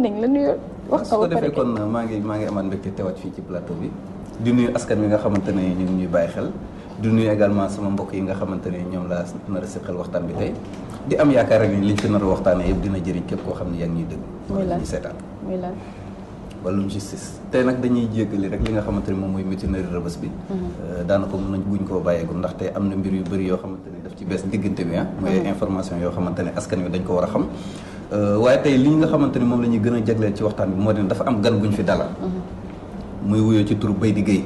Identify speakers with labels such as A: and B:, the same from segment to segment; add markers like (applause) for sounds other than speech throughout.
A: nañ la nuyoo
B: wax ko ba pare su ko defee kon maa ngi maa ngi amaat mbégte teewaat fii ci plateau bi di nuyu askan wi nga xamante ne ñu ñuy bàyyi xel di nuyu également sama mbokk yi nga xamante ne ñoom laa nar a seqal waxtaan bi tey di am yaakaar rek ni liñ fi nar a waxtaanee yëpp dina jëriñ képp koo xam ne yaa ngi ñuy dégg. muy lan muy seetaan muy lan. wàllum justice tey nag dañuy jéggali rek li nga xamante ne moom mooy mutinerie rëbës bi mm-hmm. euh, daanaka mën na buñ koo bàyyeegul ndax te am na mbir yu bëri yoo xamante ne daf ci bees diggante bi ah mooy mm-hmm. information yoo xamante ne askan wi dañ ko war a xam Euh, waaye tey li nga xamante ni moom la ñuy gën a jagleel ci waxtaan bi moo di dafa am gan bu ñu fi dalal. Mhm. muy wuyoo ci tur Baïdy Guèye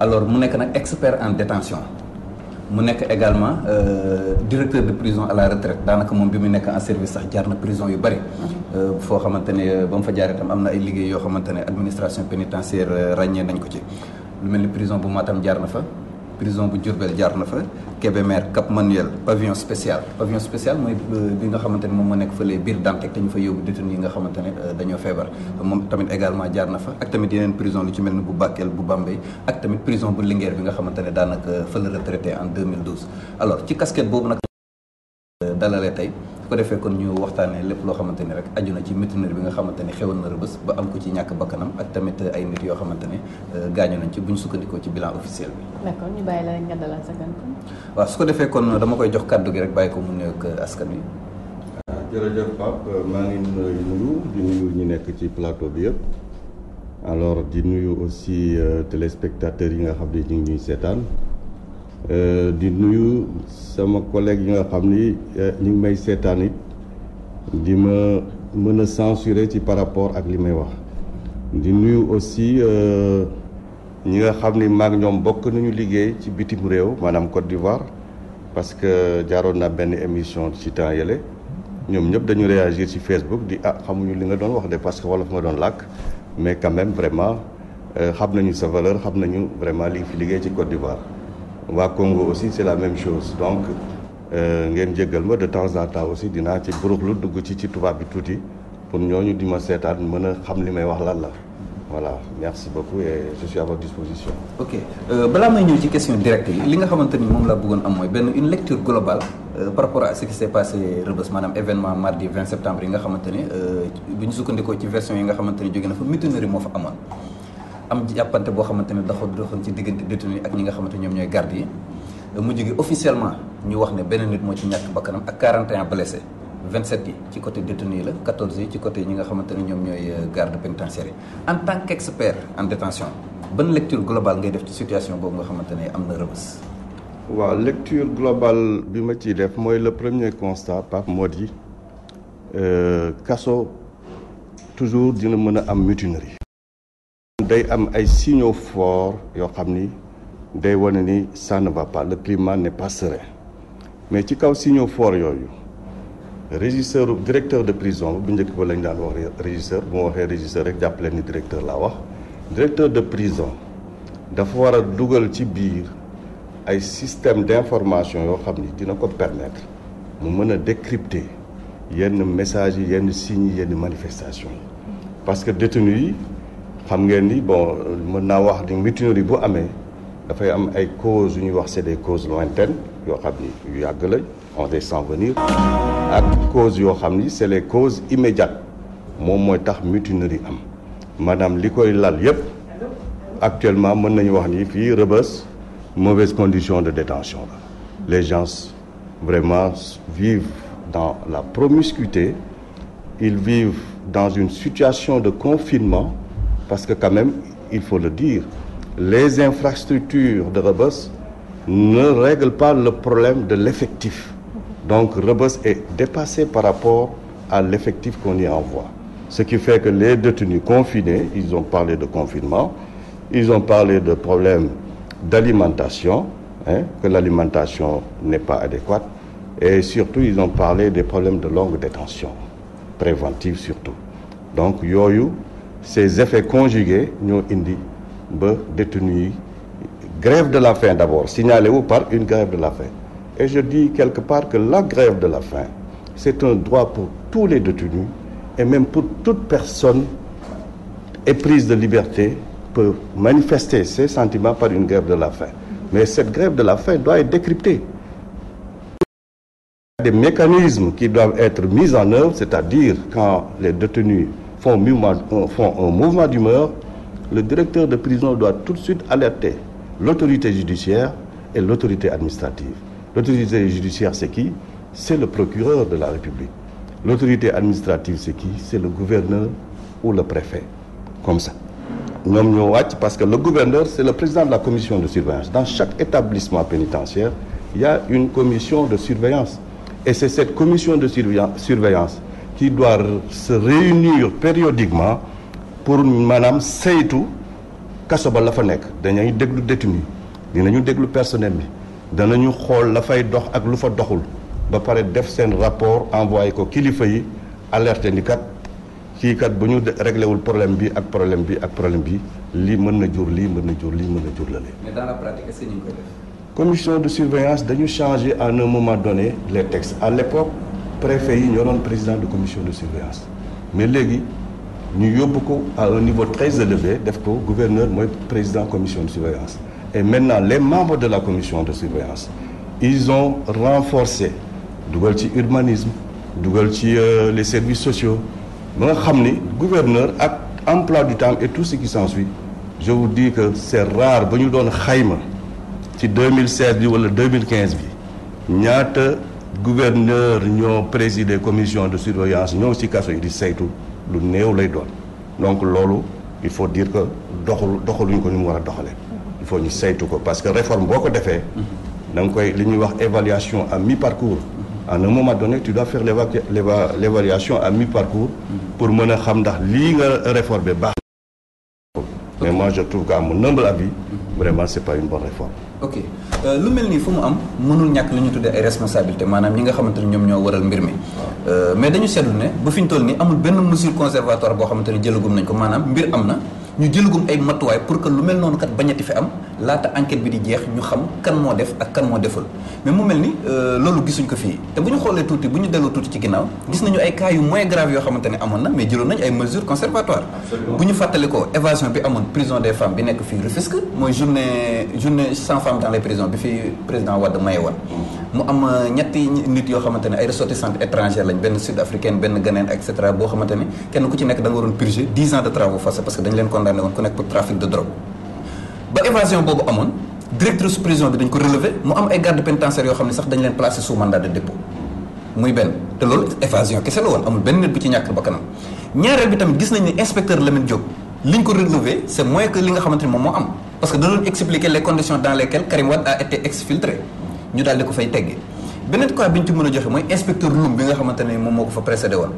B: alors mu nekk nag expert en détention mu nekk également euh, directeur de prison à la retraite daanaka moom bi mu nekk en service sax jaar na prison yu bari. Mhm. Euh, foo xamante ne ba mu fa jaaree tam am na ay liggéey yoo xamante ne administration pénitentiaire ràññee nañ ko ci lu mel ni prison bu Matam jaar na fa. prison bu Diourbel jaar na fa Kébémer Cap Manuel pavillon spécial pavillon spécial mooy euh, bi nga xamante ne moom moo nekk fële biir Dantec te ñu fa yóbbu détenu yi nga xamante ne euh, dañoo feebar moom tamit également jaar na fa ak tamit yeneen prison lu ci mel ni bu Bakel bu Bambey ak tamit prison bu Linguère bi nga xamante ne daanaka fa la retraité en 2012 alors ci casquette boobu nag euh, dalalee tey préfet kon ñu waxtaanee lépp loo xamante ni rek aju na ci mutinerie bi nga xamante ni xewoon na rëbës ba am ko ci ñàkk bakkanam ak tamit ay nit yoo xamante ne euh, gaañu nañ ci bu ñu sukkandikoo ci bi. d'accord ñu bàyyi su ko defee kon dama koy jox kàddu gi rek bàyyi ko mu nuyoog euh, askan wi. Ah, jërëjëf Pape euh, maa ngi
C: nuyu di nuyu ñu nekk ci plateau bi yëpp alors di nuyu aussi téléspectateurs yi nga xam ne ñu ñuy seetaan. Euh, di nuyu sama collègue yi nga xam ni euh, ñu ngi may seetaan it di ma mën a censurer ci par rapport ak li may wax di nuyu aussi euh, ñi nga xam ni maak ñoom bokk nañu liggéey ci bitim réew maanaam Côte d'Ivoire parce que jaaroon naa benn émission ci temps yële ñoom ñëpp dañu réagir ci Facebook di ah xamuñu li nga doon wax de parce que wolof nga doon làkk mais quand même vraiment xam nañu sa valeur xam nañu vraiment li fi liggéey ci Côte d'Ivoire waa Congo aussi c'est la même chose donc euh, ngeen jéggal ma de temps en temps aussi dinaa ci buruxlu dugg ci ci tubaab bi tuuti pour ñooñu di ma seetaat mën a xam li may wax lan la voilà merci beaucoup et je suis à votre disposition.
B: ok euh, balaa may ñëw ci question directe yi li nga xamante ni moom laa bëggoon am mooy benn une lecture globale euh, par rapport à ce qui s'est passé Rebeuss maanaam événement mardi septembre yi nga xamante ni euh, bu ñu sukkandikoo ci version yi nga xamante ni jóge na fa mutinerie moo fa am jàppante boo xamante ne dafa doxoon ci diggante détenu ak ñi nga xamante ñoom ñooy garde yi mujj gi officiellement ñu wax ne benn nit moo ci ñàkk bakkanam ak 41 blessé 27 yi ci côté détenu yi la 14 yi ci côté ñi nga xamante ne ñoom ñooy euh, garde pénitentiaire yi en tant qu'expert en détention ban lecture globale ngay def ci situation boobu nga xamante ne am na rëbës
C: waaw lecture globale bi ma ci def mooy le premier constat Pape moo di euh, kaso dina mën a am mutinerie day am ay signaux forts yoo xam ni day wane ni ça ne va pas le climat n'est pas mais ci kaw signaux forts yooyu régisseur directeur de prison bu njëkk ba lañ daan wax régisseur bu ma waxee régisseur rek jàppale ni directeur laa wax directeur de prison dafa war a dugal ci biir ay système d'information yoo xam ni dina ko permettre mu mën a décrypter yenn messages yi yenn sign yi yenn manifestations yi parce yi xam ngeen ni bon mën naa wax ni mutinerie bu amee dafay am ay causes yu ñuy wax c'est des causes lointaines yoo xam ni yu yàgg la on est sans venir ak causes yoo xam ni c'est les causes immédiates moom mooy tax mutinerie am maanaam li koy lal yépp actuellement mën nañu wax ni fii Rebeuss mauvaise condition de détention la les gens vraiment vivent dans la promiscuité ils vivent dans une situation de confinement Parce que quand même, il faut le dire, les infrastructures de Rebus ne règlent pas le problème de l'effectif. Donc Rebus est dépassé par rapport à l'effectif qu'on y envoie. Ce qui fait que les détenus confinés, ils ont parlé de confinement, ils ont parlé de problèmes d'alimentation, hein, que l'alimentation n'est pas adéquate, et surtout ils ont parlé des problèmes de longue détention, préventive surtout. Donc yooyu ces effets conjugués ñoo indi ba détenus yi grève de la faim d'abord signalé wu par une grève de la faim et je dis quelque part que la grève de la faim c'est un droit pour tous les détenus et même pour toute personne éprise de liberté peut manifester ses sentiments par une grève de la faim mais cette grève de la faim doit être décryptée des mécanismes qui doivent être mis en œuvre c'est-à-dire quand les détenus Euh, font un mouvement d'humeur, le directeur de prison doit tout de suite alerter l'autorité judiciaire et l'autorité administrative. L'autorité judiciaire, c'est qui C'est le procureur de la République. L'autorité administrative, c'est qui C'est le gouverneur ou le préfet. Comme ça. Parce que le gouverneur, c'est le président de la commission de surveillance. Dans chaque établissement pénitentiaire, il y a une commission de surveillance. Et c'est cette commission de surveillance qui doit se réunir périodiquement pour maanaam saytu kaso ba la fa nekk dañuy déglu dina ñu déglu personnel bi ñu xool la fay dox ak lu fa doxul ba pare def seen rapport envoyé ko kilifa yi alerte ni kat kii bu ñu réglé wul problème bi ak problème bi ak problème bi lii mën na jur lii mën na jur lii mën na jur la lee.
B: mais dans la pratique est-ce que ñu ngi koy def.
C: commission de surveillance dañu changer à un moment donné les textes à l'époque préfet yi ñoo doon président de commission de surveillance mais léegi ñu yóbbu ko à un niveau très élevé def ko gouverneur mooy président commission de surveillance et maintenant les membres de la commission de surveillance ils ont renforcé dugal ci urbanisme dugal ci euh, les services sociaux ba nga xam ni gouverneur ak emploi du temps et tout ce qui s'ensuit je vous dis que c'est rare ba ñu doon xayma ci 2016 bi wala 2015 bi ñaata gouverneur ñoo présider commission de surveillance ñëw ci kaso yi di saytu lu néew lay doon donc loolu il faut dire que doxul doxaluñ ko ni mu war doxalee. il faut ñu saytu ko parce que réforme boo ko defee. da nga koy li ñuy wax évaluation à mi-parcours. à un moment donné tu dois faire l'éva l'évaluation à mi-parcours. pour mën a xam ndax lii nga réformer baax mais moi je trouve qu'à mon humble avis. vraiment c'est pas une bonne
B: ok euh, lu mel nii fu mu am mënul ñàkk lu ñu tuddee ay responsabilité maanaam ñi nga xamante ne ñoom ñoo waral mbir mi. Euh, mais dañu seetlu ne ba fi ñu toll nii amul benn mesure conservatoire boo xamante ne jëlagum nañ ko maanaam mbir am na. ñu jëlagum ay matuwaay pour que lu mel noonu kat bañati fi am laata enquête bi di jeex ñu xam kan moo def ak kan moo deful mais mu mel ni euh, loolu gisuñ ko fii te bu ñu xoolee tuuti bu ñu delloo tuuti ci ginnaaw gis nañu ay cas yu moins grave yoo xamante amoon na mais jëloon nañu ay mesures conservatoires bu ñu fàttali ko évasion bi amoon prison des femmes bi nekk fii Rufisque mooy journée journée sans femmes dans les prisons bi fii président Wade maye mu am euh, ñetti nit yoo xamante ne ay ressortissants étrangers lañ benn sud africaine benn ghanéen et cetera boo xamante ne kenn ku ci nekk da nga waroon purger 10 ans de travaux forcés parce que dañu leen condamné woon ku nekk pour trafic de drogue. ba évasion boobu amoon directrice prison bi dañ ko relever mu am ay gardes pénitentiaires yoo xam ne sax dañ leen placer sous mandat de dépôt muy benn te loolu évasion kese la woon amul benn nit bu ci ñàkk ba kanam ñaareel bi ñu daal di ko fay teggi beneen cas bi ñu ci mën a joxe mooy inspecteur Loum bi nga xamante ne moom moo ko fa précédé woon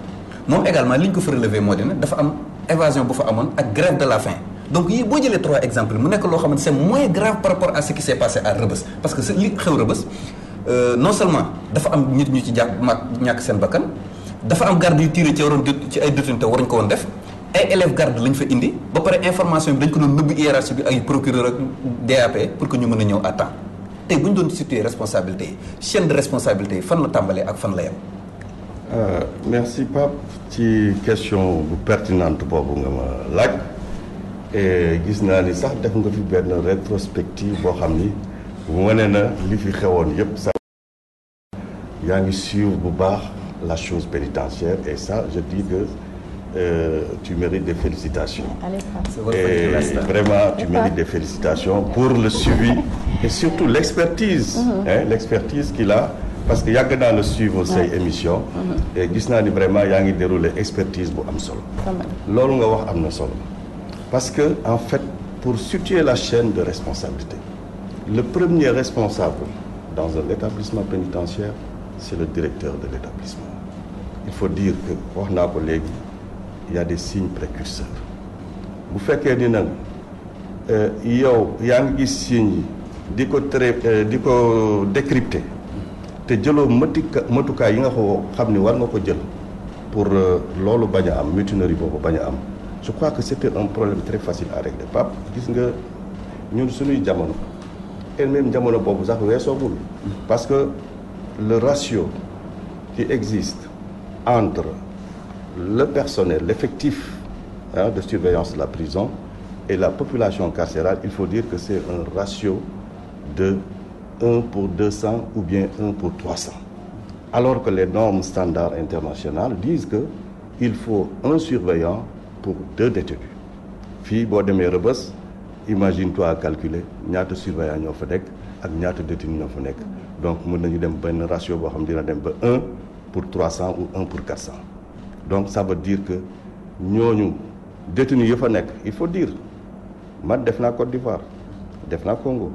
B: moom également li ñu ko fa relevé moo dina dafa am évasion bu amoon ak grève de la faim donc yii mu nekk loo xamante c'est moins grave par rapport à ce qui s'est passé euh, am nit ñu ci jàpp mag ñàkk seen bakkan dafa am garde yu tiré ci waroon ci ay détenu te waruñ ko woon def ay élèves garde lañ fa indi ba pare information bi dañ ko doon nëbb hiérarchie bi ay procureur ak DAP pour que ñu mën a ñëw à temps tey bu ñu doon situer responsabilité yi de responsabilité yi fan la tàmbalee ak fan la yem.
C: Euh, merci Pape ci question bu pertinente boobu nga ma laaj et gis naa ni sax def nga fi benn rétrospective boo xam ni wane na li fi xewoon yépp sax yaa ngi suivre bu baax la chose pénitentiaire et ça je dis euh, tu mérites des félicitations.
A: Et vraiment, tu mérites des
C: félicitations pour le suivi et surtout l'expertise. Mm-hmm. Hein, l'expertise qu'il a. parce que yàgg naa la suivre say émission mm-hmm. et gis naa ni vraiment yaa ngi dérouler expertise bu am solo loolu nga wax am na solo parce que en fait pour situer la chaîne de responsabilité le premier responsable dans un établissement pénitentiaire c'est le directeur de l'établissement il faut dire que wax naa ko léegi y a des signes précurseurs bu fekkee ni nag euh, yow yaa ngi gis signes yi di ko tre euh, di ko décrypter te jëloo matika matukaay yi nga ko xam ni war nga ko jël pour euh, loolu bañ a am mutinerie boobu bañ a am je crois que c'était un problème très facile à régler Pape gis nga ñun suñuy jamono et jamono boobu sax weesoogul parce que le ratio qui existe entre le personnel, l'effectif hein, de surveillance de la prison et la population carcérale, il faut dire que c'est un ratio de 1 pour 200 ou bien 1 pour 300. Alors que les normes standards internationales disent que il faut un surveillant pour deux détenus. fii boo demee Rebeuss imagine-toi à calculer ñaata surveillant ñoo fa nekk ak ñaata détenu ñoo fa nekk donc mën nañu dem benn ratio boo xam dina dem ba un pour 300 ou un pour 400. donc ça veut que ñooñu détenus ya fa nekk il faut dire man def naa Côte d'Ivoire def naa Congo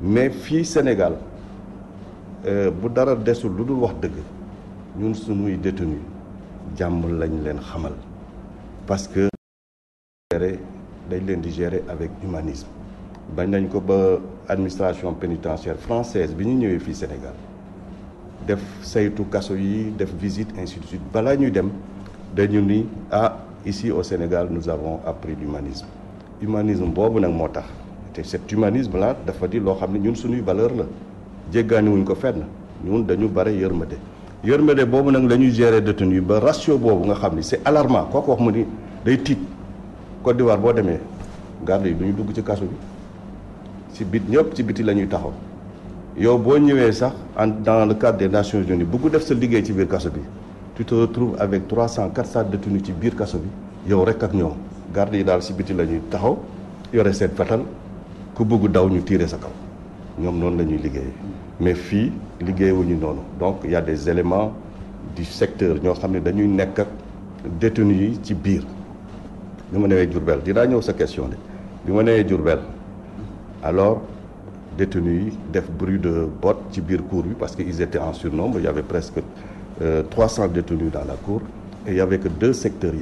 C: mais fii Sénégal euh, bu dara desul lu dul wax dëgg ñun suñuy détenus jàmm lañ leen xamal parce que dañ leen di gérer avec humanisme bañ nañ ko ba administration pénitentiaire française bi ñu ñëwee fii Sénégal def saytu kaso yi def visite ainsi de balaa ñuy dem dañu ni ah ici au Sénégal nous avons appris l'humanisme humanisme boobu nag moo tax te cet humanisme là dafa di loo xam ne ñun suñuy valeur la jéggaani wuñ ko fenn ñun dañu bare yërmande yërmande boobu nag lañuy ñuy gérer détenu yi ba ratio boobu nga xam ni c'est alarmant kooku wax mu ni day tiit Côte war boo demee garde yi du ñu dugg ci kaso bi ci bit ñëpp ci biti la ñuy taxaw yow boo ñëwee sax en dans le cadre des Nations Unies bugg def sa liggéey ci biir kaso bi tu te retrouves cent 300 400 détenus ci biir kaso bi yow rek ak ñoom garde yi daal si biti la ñuy taxaw yore seet fetal ku bëggu daw ñu tiire sa kaw ñoom noonu lañuy ñuy mais fii liggéeyewuñu noonu donc il y des éléments du secteur ñoo xam ne dañuy nekk ak détenus yi ci biir bi ma newee Diourbel dinaa ñëw sa question de bi ma newee Diourbel alors détenus yi def bruit de botte ci biir cour bi parce que ils étaient en surnombre il y presque euh, 300 détenus dans la cour et il y que deux secteurs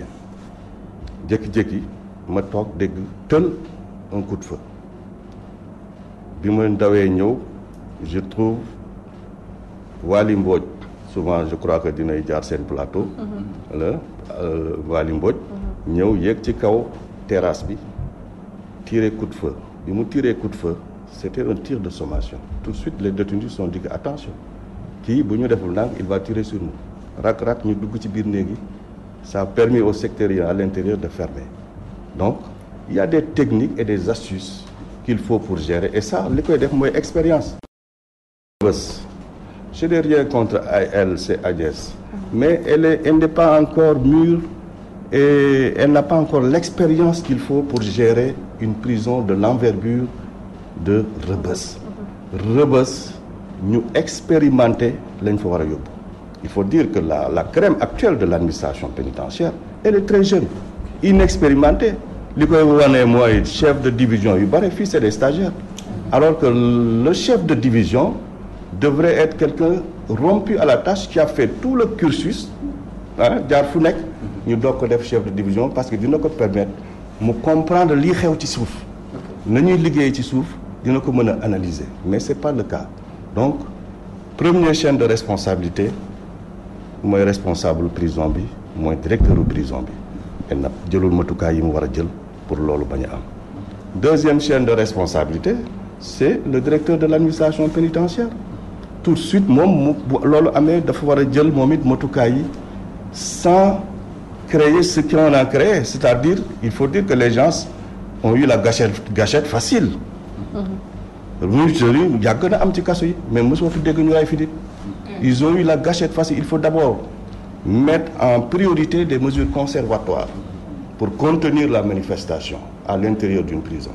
C: jékki-jékki ma toog dégg tël un coup de bi ma dawee ñëw je trouve Waly mbooj souvent je crois que dinay jaar seen plateau mhm. la euh, Waly Mbodj mhm. ñëw yéeg ci kaw terrasse bi tiré coup de feu bi mu tiré coute de feu c'était un tir de sommation tout de suite les détenus sont dit que attention kii bu ñu deful ndànk il va tirer sur nous rak-rak ñu dugg ci biir néeg yi ça permis au secteurs à l'intérieur de fermer donc il y a des techniques et des astuces qu'il faut pour gérer et ça li koy def mooy expérience bés je contre elle c'est Agnès mais elle est elle n'est pas encore mûre et elle n'a pas encore l'expérience qu'il faut pour gérer une prison de l'envergure de Rebeuss Rebeuss ñu expérimenter lañu fa war a yóbbu il faut dire que la la crème actuelle de l'administration pénitentiaire elle est très jeune inexpérimentée li koy wane mooy chef de division yu bare fii c'est des stagiaires alors que le chef de division devrait être quelqu'un rompu à la tâche qui a fait tout le cursus ah jaar fu nekk ñu doog ko def chef de division parce que dina ko permettre mu comprendre lii xew ci suuf na ñuy liggéey ci suuf dina ko mën a analyser mais c'est pas le donc première chaine de responsabilité mooy responsable prison bi mooy directeur u prison bi mais nag jëlul matukaay yi mu war a jël pour loolu bañ a am deuxième chaine de responsabilité c'est le directeur de l'administration pénitentiaire tout de suite moom mu loolu amee dafa war a jël moom it matukaay yi sans créer ce qu'on a créé c'est-à-dire il faut dire que les gens ont eu la gâchette gâchette facile. Mm-hmm. ministres yi yàgg na am ci kaso yi mais mosuma fi dégg ñu ray fi nit ils ont eu la gâchette facile il faut d'abord mettre en priorité des mesures conservatoires pour contenir la manifestation à l'intérieur d'une prison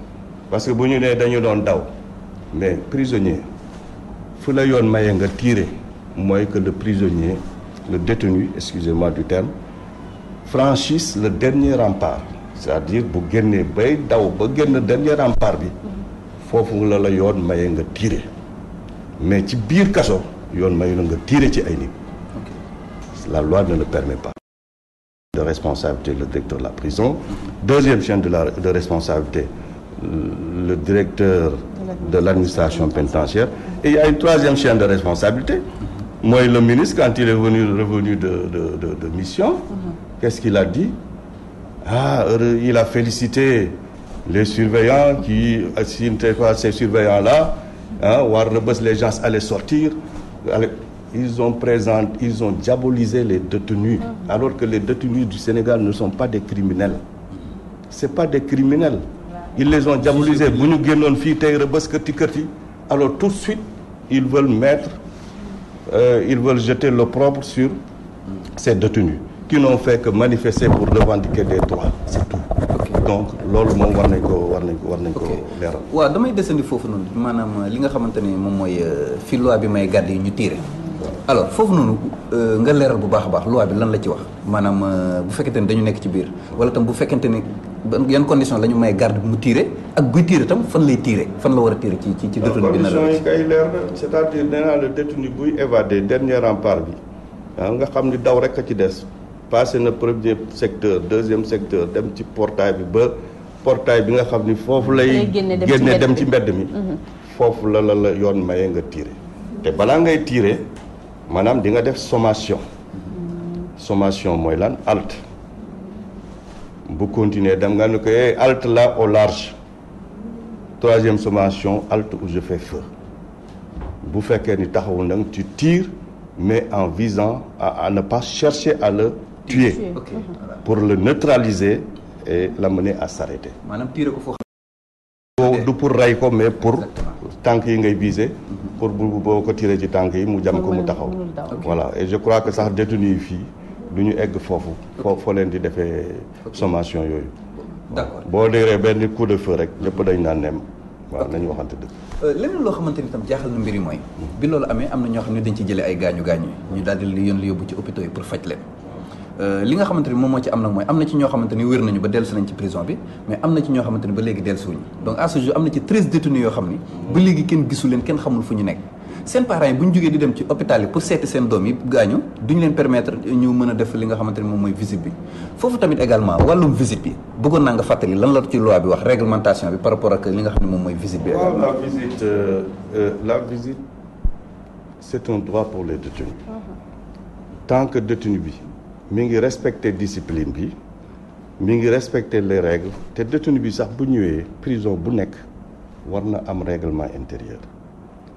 C: parce que bu ñu nee dañu doon daw mais prisonnier fu la yoon mayee nga tirer mooy que le prisonnier le détenu excusez-moi du terme franchisse le dernier rempart c'est-à-dire bu génnee bay daw ba génn dernier rempart bi foofu la la yoon maye nga tiire mais ci biir kaso yoon mayu la nga tiire ci ay nit la loi ne le permet pas de responsabilité le directeur de la prison deuxième chaîne de la de responsabilité le directeur de l'administration pénitentiaire et il y a une troisième chaîne de responsabilité mooy le ministre quand il est venu revenu de de de, de mission mm-hmm. qu'est-ce qu'il a dit ah il a félicité les surveillants qui s'ils n'étaient pas ces surveillants là ah waa Rebeuss les gens allaient sortir allaient, ils ont présent ils ont diabolisé les détenus alors que les détenus du Sénégal ne sont pas des criminels c'est pas des criminels ils les ont diabolisés bu ñu génnoon fii tey Rebeuss kërti kërti alors tout de suite ils veulent mettre euh, ils veulent jeter l'opprobre sur ces détenus qui n'ont fait que manifester pour revendiquer des droits c'est donc loolu
B: moom war nañ ko war nañ ko war nañ ko leeral waaw damay desandi foofu noonu maanaam euh, li nga xamante ne moom mooy euh, fi loi bi may gàdd yi ñu tiire alors foofu noonu euh, nga leeral bu baax a baax loi bi lan la ci wax maanaam bu fekkente ne dañu nekk ci biir wala tam bu fekkente ne yan condition la ñu may garde mu tiire ak buy tiire tam fan lay tiire fan la war a tiire ci ci ci détenu bi na condition yi
C: kay leer na c'est-à-dire nee naa le détenu buy évadé dernier rempart bi ah, nga xam ni daw rek a ci des passé na premier secteur deuxième secteur dem ci portail bi ba portail bi nga xam ni foofu lay génne dem ci mbedd mi mhm. foofu la la la yoon maye nga tiire te balaa ngay tiire maanaam di nga def sommation mhm. sommation mooy lan alt bu continuer dem nga ne ko eh, halte la au large troisième sommation halte où je fais feu bu fekkee ni taxawul nag tu tires mais en visant à, à ne pas chercher àll tuer okay. pour le neutraliser et l'amener à s'arrêter
B: maanaam tiire ko foo
C: xam du pour rey ko mais pour tànk yi ngay viser mhm. pour bu boo ko tiiree ci tànk yi mu jam ko mu taxaw voilà et je crois que sax détenu yi fii du ñu egg foofu foo foo leen di defee sommation yooyu d'accord boo déree benn coup de feu rek ñëpp dañ naan nem waaw nañu waxante
B: dëgg euh, leneen loo xamante ni jaaxal na mbir mooy mhm. bi amee am na ñoo xam ne dañ ci jële ay gaañu gaañu ñu daal di yoon li yóbbu ci hôpitaux yi pour faj leen Euh, li nga xamante ni moom moo ci am nag mooy am na ci ñoo xamante ni wér ba dellusi nañ ci prison bi mais am na ci ñoo xamante ni ba léegi dellusiwuñu donc à ce jour am na ci treize détenus yoo xam ni ba léegi kenn gisu leen kenn xamul fu ñu nekk seen parents yi bu ñu jógee di dem ci hôpital yi pour seeti seen doom yi gaañu duñu leen permettre ñu mën a def li nga xamante moom mooy visite bi foofu tamit également wàllum visite bi bëggoon naa nga fàttali lan la ci loi bi wax réglementation bi par rapport ak li la visite
C: euh, euh, la visite c'est un droit pour uh-huh. tant que détenu bi mi ngi respecter discipline bi mi ngi respecter les règles te détenu bi sax bu ñëwee prison bu nekk war na am réglement intérieur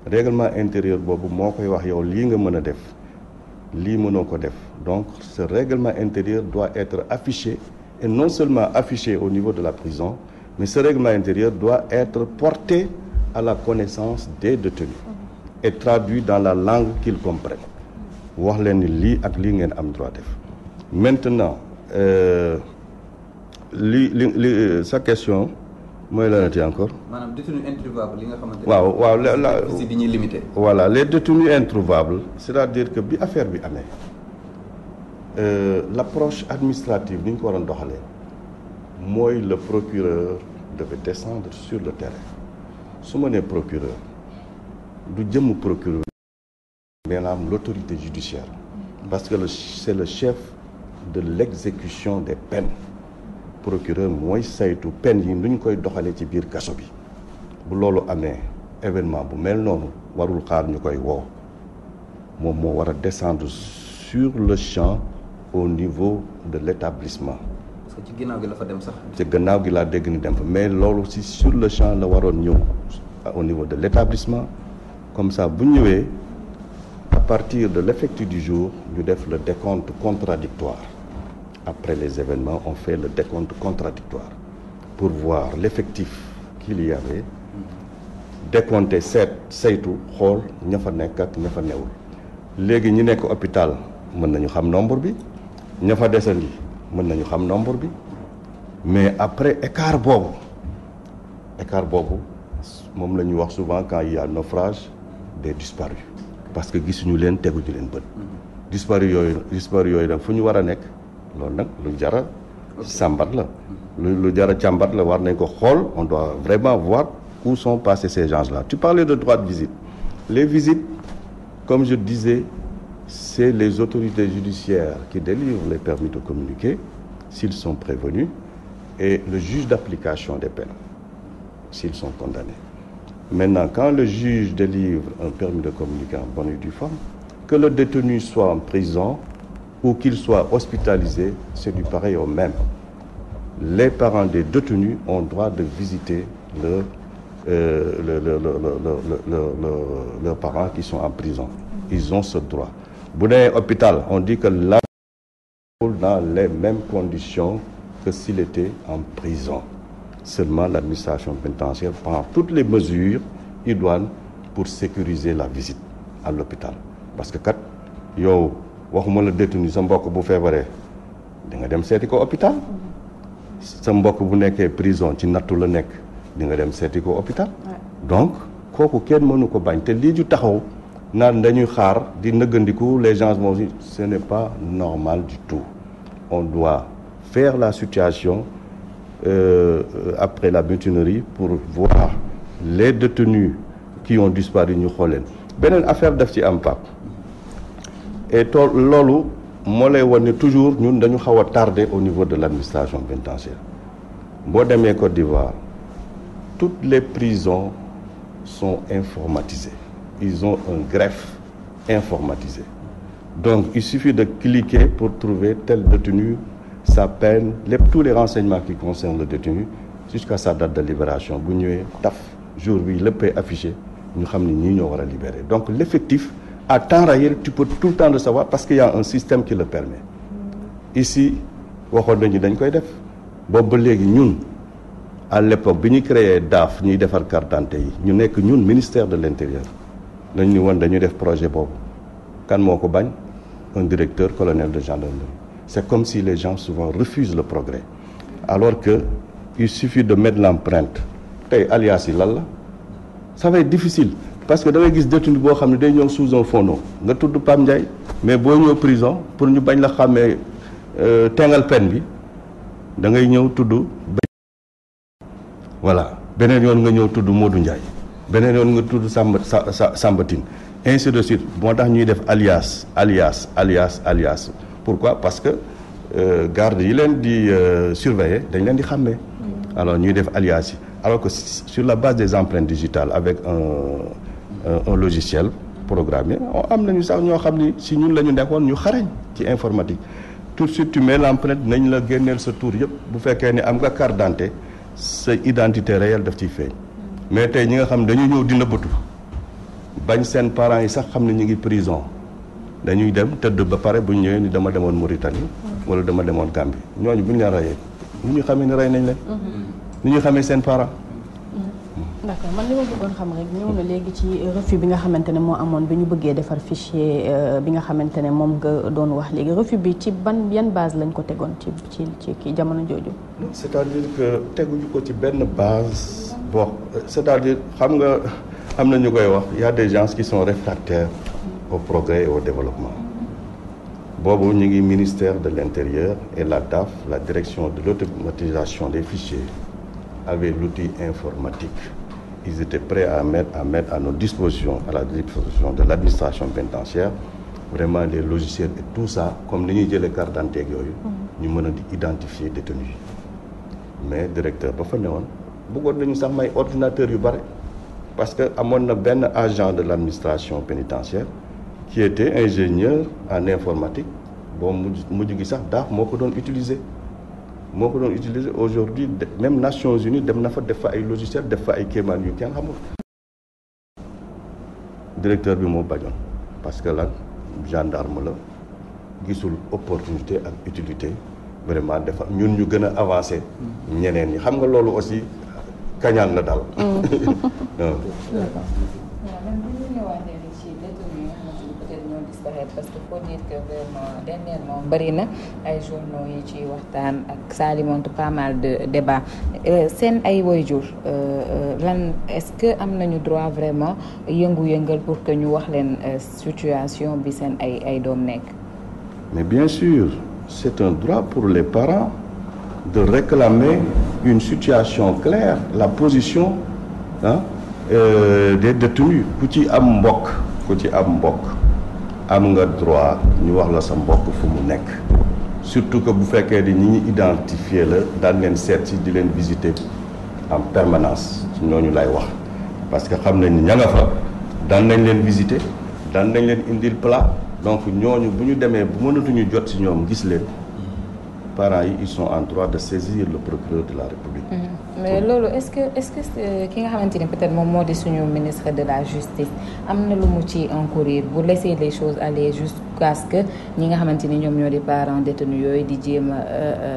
C: réglement intérieur boobu moo koy wax yow lii nga mën a def lii mënoo ko def donc ce réglement intérieur doit être affiché et non seulement affiché au niveau de la prison mais ce règlement intérieur doit être porté à la connaissance de détenus et traduit dans la langue qu'ils comprennent wax leen ni lii ak lii ngeen am droit def maintenant euh, li li li euh, sa question mooy lanati encore.
B: maanaam waaw
C: waaw la la bi ñuy limité. voilà les détenus introuvables c'est-à-dire que bi affaire bi amee euh, l'approche administrative ni ñu ko waroon doxalee mooy le procureur devait descendre sur le terrain su ma nee procureur du jëmm procureur mais la am l'autorité judiciaire parce que le c'est le chef. de l'exécution des peines procureur mooy saytu peine yi nu koy doxalee ci biir kaso bi bu loolu amee événement bu mel noonu warul xaar ñu koy woo moom moo war a descendre sur le champ au niveau de l'établissement
B: que ci gannaaw gi la dem sax.
C: ci gi laa dégg ni dem fa mais loolu si sur le champ la waroon ñëw au niveau de l'établissement comme ça bu ñëwee à partir de l'effectif du jour ñu def le décompte contradictoire après les événements, on fait le décompte contradictoire pour voir l'effectif qu'il y avait, décompter seet saytu xool ña fa nekk ak ña fa newul. léegi ñi nekk hôpital mën nañu xam nombre bi ña fa yi mën nañu xam nombre bi mais après écart boobu écart boobu moom la ñuy wax souvent quand il y a naufrage des disparus. parce que gisuñu leen teguñu leen bët. Mm-hmm. disparus yooyu disparus yooyu nag fu ñu war a nekk. loolu nag lu jara sàmbat la lu lu jara càmbat la war nañ ko xool on doit vraiment voir où sont passés ces gens là tu parlais de droit de visite les visites comme je disais c'est les autorités judiciaires qui délivrent les permis de communiquer s'ils sont prévenus et le juge d'application des peines s'ils sont condamnés maintenant quand le juge délivre un permis de communiquer en bonne et due forme que le détenu soit en prison ou qu'ils soient hospitalisés, c'est du pareil au même. Les parents des détenus ont droit de visiter leurs euh, le, le, le, parents qui sont en prison. Ils ont ce droit. Bu dee hôpital, on dit que là, dans les mêmes conditions que s'il était en prison. Seulement l'administration pénitentiaire prend toutes les mesures idoines pour sécuriser la visite à l'hôpital parce que kat yow waxuma la détenu sa mbokk bu feebaree di nga dem seeti ko hôpital sa mbokk bu nekkee prison ci nattu la nekk di nga dem seeti ko hôpital donc kooku kenn mënu ko bañ te lii ju taxaw naan dañuy xaar di nëggandiku les gens moom ce n'est pas normal du tout on doit faire la situation euh, après la mutinerie pour voir les détenus qui ont disparu ñu xool leen beneen affaire def ci am pap et tool loolu moo lay wan ne toujours ñun dañu xaw a tardé au niveau de l' administration pénitentiaire boo demee Côte d'Ivoire toutes les prisons sont informatisées ils ont un greffe informatisé donc il suffit de cliquer pour trouver tel détenu sa peine lépp tous les renseignements qui concernent le détenu jusqu'à sa date de libération bu ñëwee taf jour bi lépp affiché ñu xam ni ñii ñoo war a libéré donc l' à temps réel tu peux tout le temps le savoir parce qu'il y a un système qui le permet ici waxoon nañu dañ koy def boobu ba léegi ñun à l'époque bi ñu créé DAF ñuy defar carte d'identité yi ñu nekk ñun ministère de l'intérieur dañ ñu woon dañuy def projet boobu kan moo ko bañ un directeur colonel de gendarmerie c'est comme si les gens souvent refusent le progrès alors que il suffit de mettre l'empreinte tey alias yi lal la ça difficile parce que da ngay gis détenu boo xam ne day ñëw sous fono nga tudd Pape Ndiaye mais boo ñëw prison pour ñu bañ la xàmmee euh, tengal peine bi da ngay ñëw tudd. voilà beneen yoon nga ñëw tudd Modou Ndiaye beneen yoon nga tudd Samba sa Sambatine ainsi de suite moo tax ñuy def alias alias alias alias pourquoi parce que euh, garde yi leen di euh, surveiller dañ leen di xàmmee. Mm. alors ñuy def alias yi alors que sur la base des empreintes digitales avec un. Euh, un logiciel programmé oh, am nañu sax ñoo xam ni si ñun la ñu nekkoon ñu xarañ ci informatique tout de suite tu mets l'empreinte nañ la génneel sa tour yëpp bu fekkee ni am nga carte d'identité sa identité réelle daf ciy feeñ mais tey ñi nga xam dañu ñëw di nëbbatu bañ seen parent yi sax xam ne ñu ngi prison dañuy dem tëdd ba pare bu ñu ñëwee ni dama demoon Mauritanie wala dama demoon Gambie ñooñu bu ñu leen rayee ñu ñu xamee ni rey nañ
A: leen mm-hmm.
C: ñu ñu xamee seen parents
A: d'accord man li ma bëggoon xam rek ñëw na léegi ci euh, refus bi nga xamante
C: ne moo amoon bi ñu bëggee defar fichier euh, bi nga xamante ne moom nga doon wax léegi refus bi ci ban
A: yan base lañ ko tegoon ci ci ci kii jamono jooju.
C: c'est-à-dire que teguñu ko ci benn base bon c'est-à-dire xam nga am na ñu koy wax y a des gens qui sont réfractaires au progrès et au développement boobu ñu ngi ministère de l'intérieur et la DAF la direction de l'automatisation des fichiers avec l'outil informatique ils étaient prêts à mettre, à mettre à nos dispositions, à la disposition de l'administration pénitentiaire, vraiment les logiciels et tout ça, comme ni ñuy jëlee carte d'identité yooyu. ñu mën a di identifier détenu yi mais directeur ba fa newoon bëggoon nañu sax may ordinateur yu bare parce que amoon na benn agent de l'administration pénitentiaire qui était ingénieur en informatique boo mu mujj gi sax daaf moo ko doon utiliser. moo ko doon utiliser aujourd'hui même Nations Unies dem na fa def fa ay logiciel def fa ay kéemaan yu kenn xamul directeur bi moo bañoon parce que lan gendarme la gisul opportunité ak utilité vraiment dafa ñun ñu gën a avancé mm. ñeneen ñi xam nga loolu aussi kañaan la daal
A: mm. (laughs)
B: parce que faut dire que vraiment dernièrement bëri na
A: ay journaux yi ci
B: waxtaan ak ça alimente pas mal de débats euh, seen
A: ay waajur euh, euh, lan est-ce que am nañu droit vraiment yëngu-yëngal pour que ñu wax leen situation bi seen ay ay doom nekk.
C: mais bien sûr c'est un droit pour les parents de réclamer une situation claire la position ah euh, ku ci am mbokk ku ci am mbokk. am nga droit ñu wax la sa mbokk fu mu nekk surtout que bu fekkee di ñi ñu identifier la daan leen seet si di leen visiter en permanence ñooñu lay wax parce que xam nañ ni ña nga fa daan nañ leen visité daan nañ leen indil plat donc ñooñu bu ñu demee bu mënatuñu jot si ñoom gis leen parents yi ils sont en droit de saisir le procureur de la République.
A: Mmh. mais loolu est-ce que est-ce que ki nga xamante ni peut-être moom moo di suñu ministre de la justice am na lu
C: mu ci encourir bu laisser les choses aller jusqu'à ce que ñi nga xamante ni ñoom ñoo di parents détenus yooyu di jéem a euh,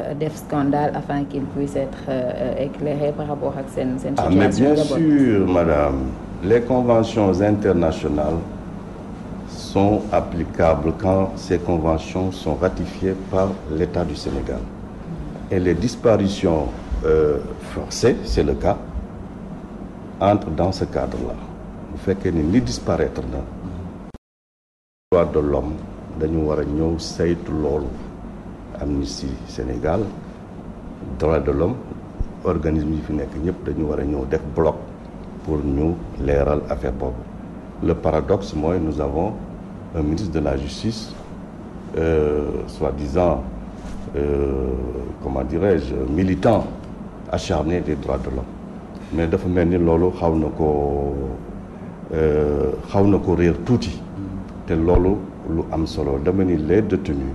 C: euh, def scandale afin qu'il puisse être euh, éclairé par rapport ak seen seen situation. ah mais bien sûr madame les conventions internationales. sont applicables quand ces conventions sont ratifiées par l'État du Sénégal. Et les disparitions euh, forcées, c'est le cas, entre dans ce cadre-là. bu fekkee ni li disparaître na droit de l'homme dañu war a ñëw saytu loolu Amnesty Sénégal droit de l'homme organisme yi fi nekk ñëpp dañu war a ñëw def bloc pour ñu leeral affaire boobu le paradoxe mooy nous avons un ministre de la Justice, euh, soi-disant, euh, comment dirais-je, militant acharné des droits de l'homme mais dafa mel ni loolu xaw na ko euh, xaw na ko réer tuuti te loolu lu am solo dama ni les détenus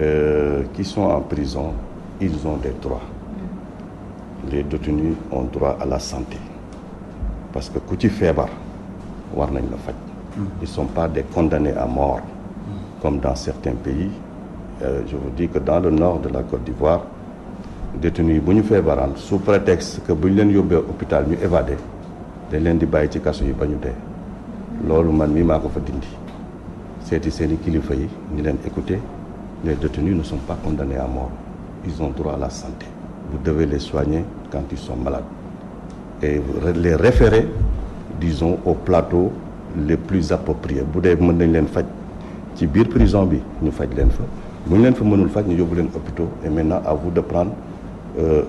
C: euh, qui sont en prison ils ont des droits les détenus ont droit à la santé parce que ku ci feebar war nañ la faj Ils ne sont pas des condamnés à mort, comme dans certains pays. Euh, je vous dis que dans le nord de la Côte d'Ivoire, détenus yi bu ñu feebaraan sous prétexte que bu ñu leen yóbbee hôpital ñu évadé dañ leen di bàyyi ci kaso yi ba ñu dee loolu man mii maa ko fa dindi seeti seeni kilifa yi ñu leen écouter les détenus ne sont pas condamnés à mort ils ont droit à la santé vous devez les soigner quand ils sont malades et les référer disons au plateau les plus appropriés bu dee mën nañ leen faj ci biir prison bi ñu faj leen fa bu ñu leen fa mënul faj ñu yóbbu leen hôpitaux et maintenant à vous de prendre euh,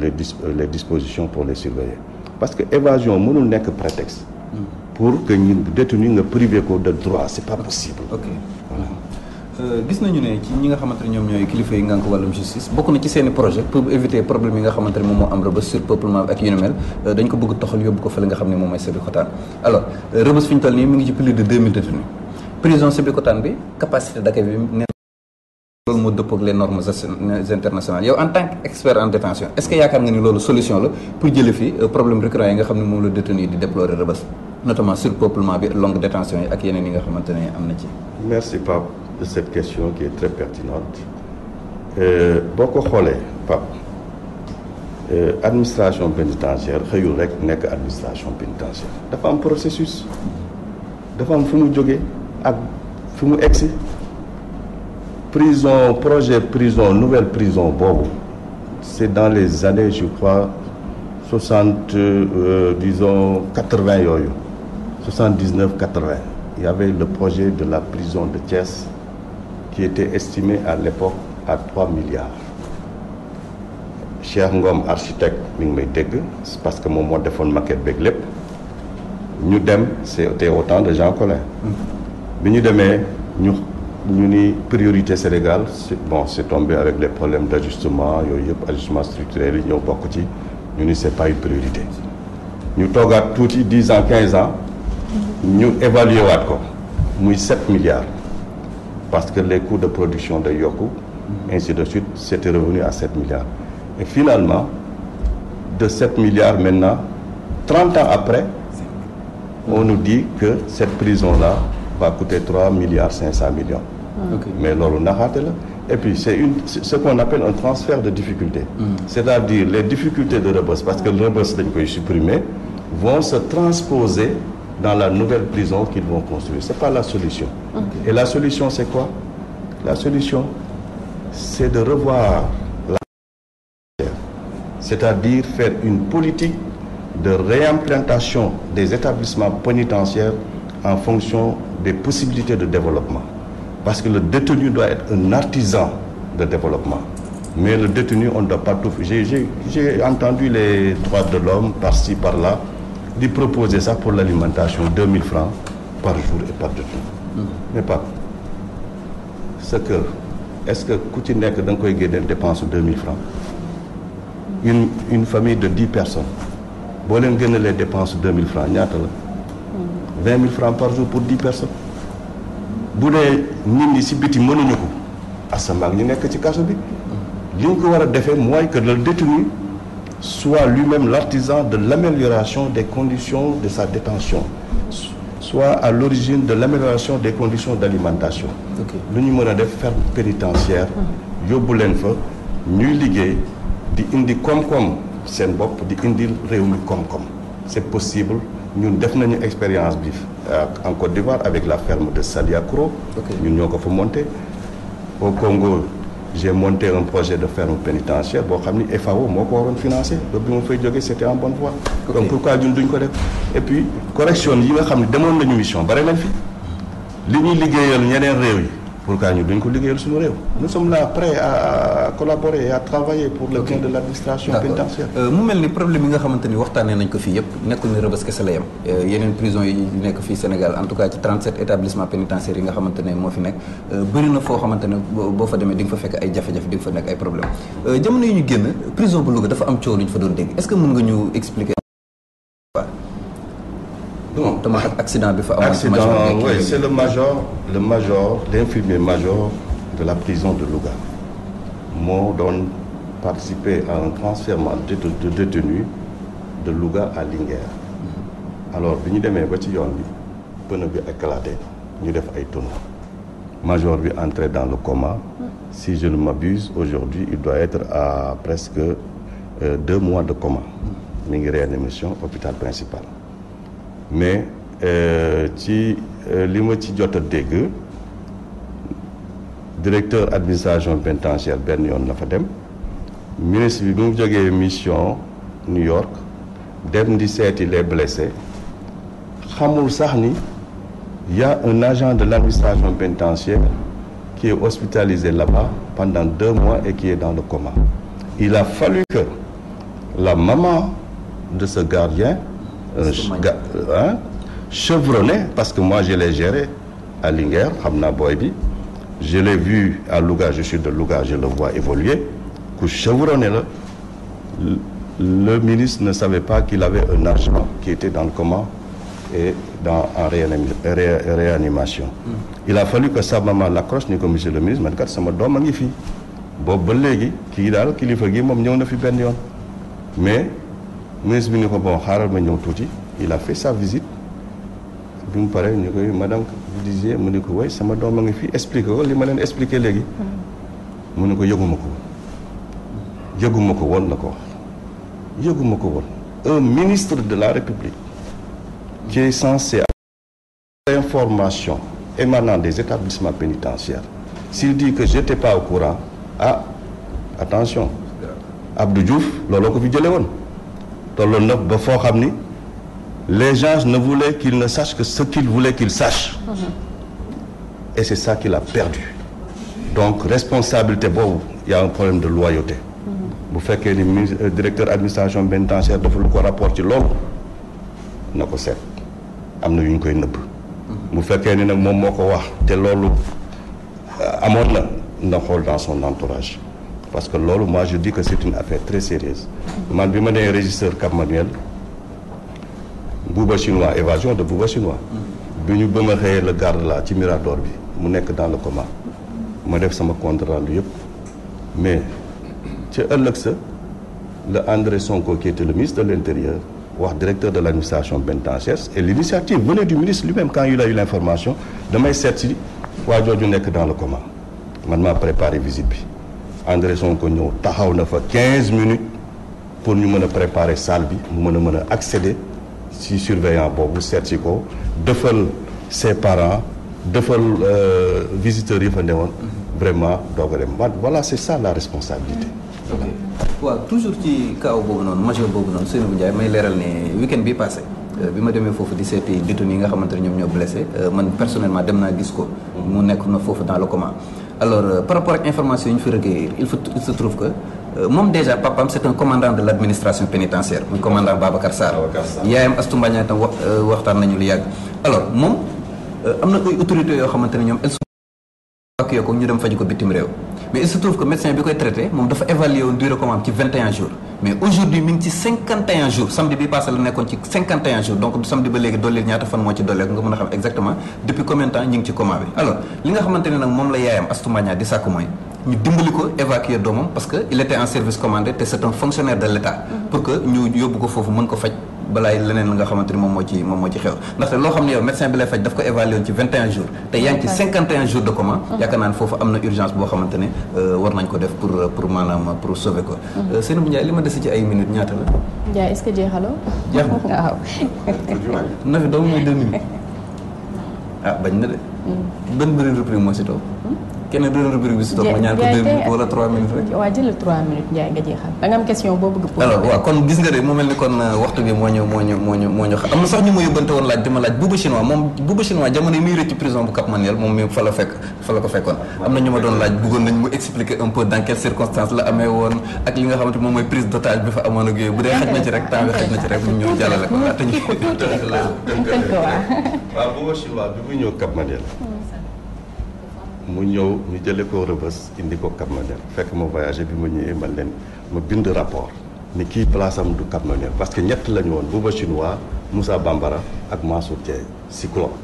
C: les dis euh, les dispositions pour les surveiller parce que évasion mënul nekk prétexte hmm. pour que ñu détenu nga privé ko de droit c'est pas possible
B: Euh, gis nañu ne ci ñi nga xamante ñoom ñooy kilifa yi ngànk wàllum justice bokk na ci seeni projet pour éviter problème yi nga xamante ne moom moo am Rebeuss surpeuplement ak yu ni euh, euh, de 2000 détenus prison Sébikotane bi capacité d'accueil bi nee loolu moo dëppoo ak les normes internationales en tant qu'expert en détention est-ce que yaakaar nga ni loolu solution la pour jële fi problème récurrent yi nga xam ne moom la détenu di déplorer Rebeuss notamment
C: de cette question qui est très pertinente euh, boo ko xoolee Pape euh, administration pénitentiaire xëyul rek nekk administration pénitentiaire dafa am processus dafa am fu mu jógee ak fu mu egsi prison projet prison nouvelle prison boobu c'est dans les années je crois soixante euh, disons quatre-vingt yooyu soixante-dix-neuf quatre-vingt il le projet de la prison de Thiès qui était estimé à l'époque à 3 milliards Cheikh Ngom architecte mi ngi may dégg parce que moom moo defoon maquette beeg lépp ñu dem c'était autant de Jean Collin
A: mm.
C: bi ñu demee ñu ñu ni priorité Sénégal bon c'est tombé avec les problèmes d'ajustement yooyu yëpp ajustement structurel yi ñëw bokk ci ñu ni c'est pas une priorité ñu toogaat tuuti dix ans quinze ans mm. ñu évaluer waat ko muy sept milliards parce que les coûts de production de yokku mm-hmm. ainsi de suite c'était revenu à 7 milliards et finalement de 7 milliards maintenant 30 ans après mm-hmm. on nous dit que cette prison-là va coûter 3 milliards 500 millions mm-hmm. okay. mais loolu naxaate la et puis c'est une ce qu'on appelle un transfert de difficultés mm. c'est-à-dire les difficultés de Rebeuss parce que Rebeuss dañ koy supprimer vont se transposer dans la nouvelle prison qu'ils vont construire c'est pas la solution et la solution c'est quoi la solution c'est de revoir la c'est-à-dire faire une politique de réimplantation des établissements pénitentiaires en fonction des possibilités de développement parce que le détenu doit être un artisan de développement mais le détenu on ne doit pas tout j'ai j'ai entendu les droits de l'homme par-ci par-là di proposer sax pour l'alimentation deux mille francs par jour et par jour. Hmm. mais Pape sa kër est-ce que ku ci nekk da nga koy génneel dépense su deux mille francs une une famille de dix personnes boo leen génnelee dépense su deux mille francs ñaata la. Hmm. vingt mille francs par jour pour dix personnes. bu dee nit ñi si biti mënuñu ko asamaak ñu nekk ci kaso bi. Hmm. li ñu ko war a defee mooy que le détenu soit lui-même l'artisan de l'amélioration des conditions de sa détention soit à l'origine de l'amélioration des conditions d'alimentation lu ñu mën a def ferme pénitentiaire yóbbu leen fa ñuy liggéey di indi koom-koom seen bopp di indi réew mi koom-koom c'est possible ñun def nañu expérience bi euh, en Côte d'Ivoire avec la ferme de Saliakro ñun ñoo ko fa monté au Congo j'ai monte un projet de ferme pénitentiaire boo xam ni FAO moo ko waroon financé ba bi ma fay jógee c'était en bonne voie donc pourquoi ñun duñ ko def et puis correction yi nga xam ne demoon nañu mission bare nañ fi li ñuy liggéeyal ñeneen réew yi pourquoi ñu duñ ko liggéeyal suñu réew. nous sommes là prêts à collaborer et à travailler pour le bien de l'administration pénitentiaire.
B: Euh, mu mel ni problème yi nga xamante ni nañ ko fii yëpp nekkul ni Rebeuss kese la yem. Euh, yeneen prison yi nekk fii Sénégal en tout cas ci 37 établissements pénitentiaires yi nga xamante moo fi nekk euh, bëri foo xamante boo fa demee di fa fekk ay jafe-jafe di fa nekk ay problème jamono yi ñu génn prison bu Louga exactement ak accident bi fa amoon. accident ah oui c'est le
C: major le major l'infirmier major de la prison de Louga moo doon participer à un transfert de détenus de Louga à Linguère mm-hmm. alors bi ñu demee ba ci yoon bi pneu bi éclaté ñu def ay tonneaux major bi entré dans le coma mm-hmm. si je ne m'abuse aujourd'hui il doit être à presque euh, deux mois de coma mm-hmm. mi ngi réanimation hôpital principal mais Euh, ci euh, li ma ci jot a dégg directeur administration pénitentiaire benn yoon nafa dem ministre bi mu jógee mission New York dem di seeti les blessés xamul sax ni y un agent de l'administration pénitentiaire qui est hospitalisé là-bas pendant deux mois et qui est dans le coma il a fallu que la maman de ce gardien euh, euh hein chevronné parce que moi je l'ai géré à Linguère xam naa booy bi je l'ai à Louga je suis de Louga je le vois évoluer ku chevronné la le ministre ne savait pas qu'il avait un argent qui était dans le coma et dans en réanimation mm. il a fallu que sa maman l'accroche ni ko le ministre man kat sama doom a ngi fii boobu ba léegi kii daal kilifa gi moom ñëw na fi benn yoon mais ministre bi ni ko bon xaaral ma ñëw tuuti il a fait sa visite bi mu paree ñu koy madame vous mu ne ko way sama doom a ngi fii expliqué li ma leen expliqué léegi mu ne ko yëguma ko yëguma ko woon la ko wax ko woon un ministre de la république qui est censé avoir l'information émanant des établissements pénitentiaires s'il dit que j'étais pas au courant ah attention Abdou looloo ko fi jële woon tolloon na ba foo xam ni les gens ne voulaient qu'ils ne sachent que ce qu'ils voulaient qu'ils sachent et c'est ça qu'il a perdu donc responsabilité boobu y a un problème de loyauté bu fekkee ni ministre euh, directeur administration pénitentiaire dafa lu ko rapport ci loolu na ko seet am na yu ñu koy nëbb bu fekkee ni nag moom moo ko wax te loolu euh, amoon na na xool dans son entourage parce que loolu moi je dis que c'est une affaire très sérieuse man bi ma nee régisseur Cap Manuel Bouba Chinois évasion de Bouba Chinois. bi ñu bëma xëyee la garde laa ci Mirador bi mu nekk dans le coma. ma def sama compte rendu yëpp mais ca ëllëg sa la André Sonko qui était ministre de l'intérieur wax directeur de l'administration pénitentiaire et l'initiative venait du ministre lui-même quand il a eu damay seet si waa jooju nekk dans le comment man maa préparé visite bi André Sonko ñëw taxaw na fa 15 minutes pour ñu mën a préparer salle bi mu mën a mën a accéder ci surveillant boobu seet si ko defal ses parents defal euh, visiteurs yi fa newoon vraiment doog a dem voilà c'est ça la responsabilité
B: waaw toujours ci kaaw boobu noonu majeur boobu noonu Seynabou Ndiaye may leeral ne week-end bi passé euh, bi ma demee foofu di seeti détenu yi nga xamante ne ñoom ñoo blessé euh, man personnellement dem naa gis ko mm-hmm. mu nekk na foofu dans le coma alors par rapport ak information yi ñu fi recueillir il se trouve que Euh, moom déjà papam c'est un commandant de l'administration pénitentiaire muy commandant Babacar Sarr yaayam Astou Mbagne tam euh, waxtaan nañu lu yàgg alors moom euh, am na ay autorités yoo xamante ne ñoom elles sont évacuées ko ñu dem faji ko bitim réew mais il se trouve que médecin bi koy traité moom dafa évalué woon durée commande ci 21 jours mais aujourd'hui mi ngi ci 51 jours samedi bi passé la nekkoon ci 51 jours donc samedi ba léegi dooleel ñaata fan moo ci dooleel nga mën a xam exactement depuis combien de ñu dimbali ko évacuer doomam parce que il était en service commandé te c'est fonctionnaire de l'État mm-hmm. pour que ñu yóbbu ko foofu mën ko faj balaay leneen la nga xamante ni moom moo ci moom moo ci xew ndaxte loo xam ne yow médecin bi lay faj daf ko évalué woon ci 21 jours te yaa ngi ci 51 jours de coma mm-hmm. yaakaar naa foofu am na urgence boo xamante euh, war nañ ko def pour pour pour sauver ko mm-hmm. euh, Seynabou Ndiaye li ma dese ci ay minutes ñaata la
A: Ndiaye est jeexaloo jeex na waaw (laughs)
B: (laughs) ah, na fi doomu mooy deux si taw kenn dëgg rubrique bi si topp ma ñaan ko deux minutes wala trois minutes rek. jëlal trois minutes Ndiaye nga jeexal da nga am question boo bëgg. pour alors waaw kon gis nga de mu mel ni kon waxtu bi moo ñu moo ñu moo ñu moo ñu xam am na sax ñu ma yóbbante woon laaj di ma laaj buuba chinois moom buuba chinois jamono yi prison bu Cap Manuel moom mi fa la fekk fa la ko fekkoon. am na ñu ma doon laaj bëggoon nañ mu expliquer un peu dans quelles circonstances la amee woon ak li nga xamante moom mooy prise d'otage bi fa amoon ak
C: yooyu mu ñëw ñu jëlee ko rëbës indi ko Cap Manuel fekk ma voyagé bi ma ñëwee man leen ma bind rapport ni kii place am du Cap Manuel parce que ñett la ñu woon Bouba Chinois Moussa Bambara ak Mansour Dieng Cyclone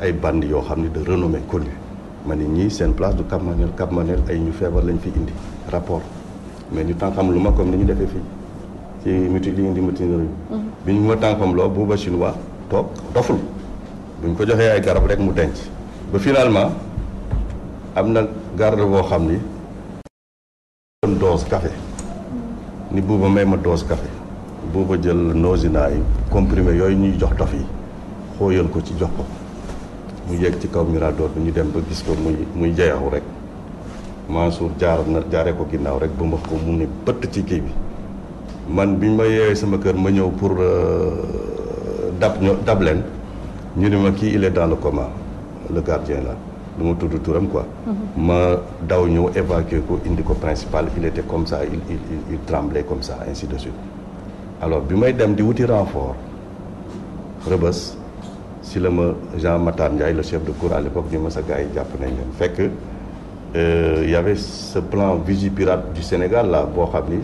C: ay bandi yoo xam ne de renommée connue ma ni ñii seen place du Cap Manuel Cap Manuel ay ñu feebar lañ fi indi rapport mais ñu tànqam lu ma comme ni ñu defee fii ci mutu li indi mutinerie mhm. bi ñu ma tànqam loo Bouba Chinois toog doful buñ ko joxee ay garab rek mu denc ba am na garde boo xam ni doon dose café ni buuba may ma dose café buuba jël nosina yi comprimer yooyu ñuy jox dof yi xóoyal ko ci jox ko mu yegg ci kaw mirador bi ñu dem ba gis ko muy muy jeexu rek Mansour jaar na jaaree ko ginnaaw rek ba mbax ko mu ne bëtt ci kii bi man bi ma yeewee sama kër ma ñëw pour euh, dab ño dab ñu ne ma kii il est dans le coma le gardien là lu ma tudd turam ko mhm. ma daw ñëw évacuer ko indi ko principal il était comme ça il il comme ça ainsi de suite. alors bi may dem di wuti renfort rëbës si la ma Jean Matar Ndiaye le chef de cour à l'époque ni ma sa gars yi jàpp nañ leen fekk euh, y avait ce plan Vigipirate du Sénégal là boo xam ni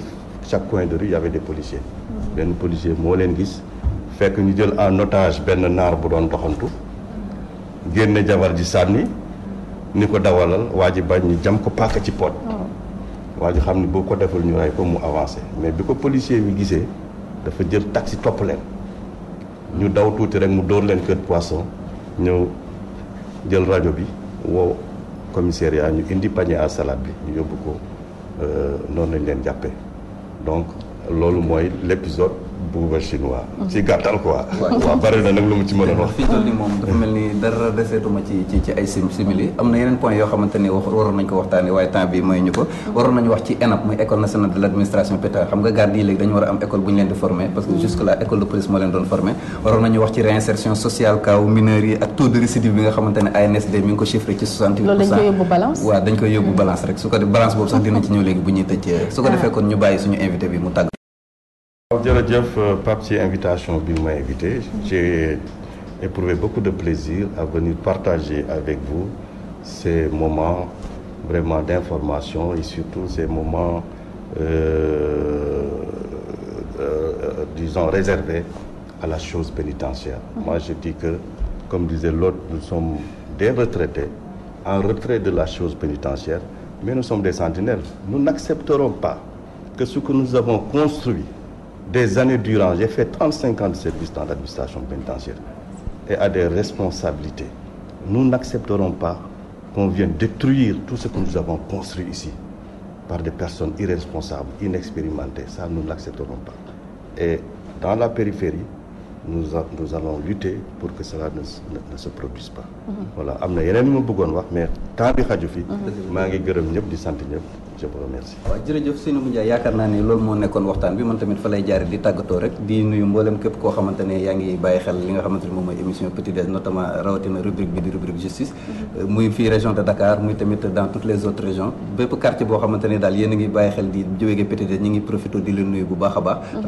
C: chaque coin de rue y avait des mhm. benn policier moo leen gis fekk ñu jël en otage benn naar bu doon doxantu génne jabar ji sànni. ni ko dawalal waa ji bañ ñi jam ko paaka ci poot oh. waa ji xam ne boo ko deful ñu rey ko mu avancé mais bi ko policier bi gisee dafa jël taxi topp leen ñu daw tuuti rek mu dóor leen kër poisson ñëw jël rajo bi wow woo commissariat ñu indi panier à salade bi ñu yóbbu ko euh, noonu lañ leen jàppee donc loolu mooy l'épisode
B: bugguma ci gàttal quoi. waaw bari na nag mu ci moom dafa mel ni dara deseetuma ci ci ay simili am na yeneen point yoo xamante waaye temps bi mooy ñu ko. waroon nañu wax ci ENAP muy école nationale de l' administration xam nga garde yi léegi dañu war am école bu ñu leen di former parce que mm. jusque là école de police moo leen doon former waroon nañu wax ci réinsertion sociale kaw mineurs yi ak taux de récidive bi nga xamante ne ANSD mi ko chiffré ci waaw jërëjëf
C: euh, Pape invitation bi ma invité j'ai éprouvé beaucoup de plaisir à venir partager avec vous ces moments vraiment d'information et surtout ces moments euh, euh, euh disons réservés à la chose pénitentiaire mm-hmm. moi je dis que comme disait l'autre nous sommes des retraités en retrait de la chose pénitentiaire mais nous sommes des sentinelles nous n'accepterons pas que ce que nous avons construit des années durant, j'ai fait 35 ans de service dans l'administration pénitentiaire et à des responsabilités. Nous n'accepterons pas qu'on vienne détruire tout ce que nous avons construit ici par des personnes irresponsables, inexpérimentées. Ça, nous ne l'accepterons pas. Et dans la périphérie, nous, a, nous allons lutter pour que cela ne, ne, ne se produise pas. Mm-hmm. Voilà am na yeneen yu ma mais temps bi xaju fi. Mm-hmm. maa ngi gërëm ñëpp di sant je vous remercie.
B: waaw yaakaar naa ne loolu moo nekkoon waxtaan bi man tamit fa lay jaare di tàggatoo rek di nuyu mboolem képp koo xamante yaa ngi bàyyi xel li nga xamante ne moom mooy émission Petit Déj notamment rawatina rubrique bi di rubrique justice mm-hmm. muy fii région de Dakar muy tamit dans toutes les autres régions bépp quartier boo xamante ne daal yéen a ngi bàyyi xel di jógee Petit Déj ñu ngi profité di leen nuyu bu baax baax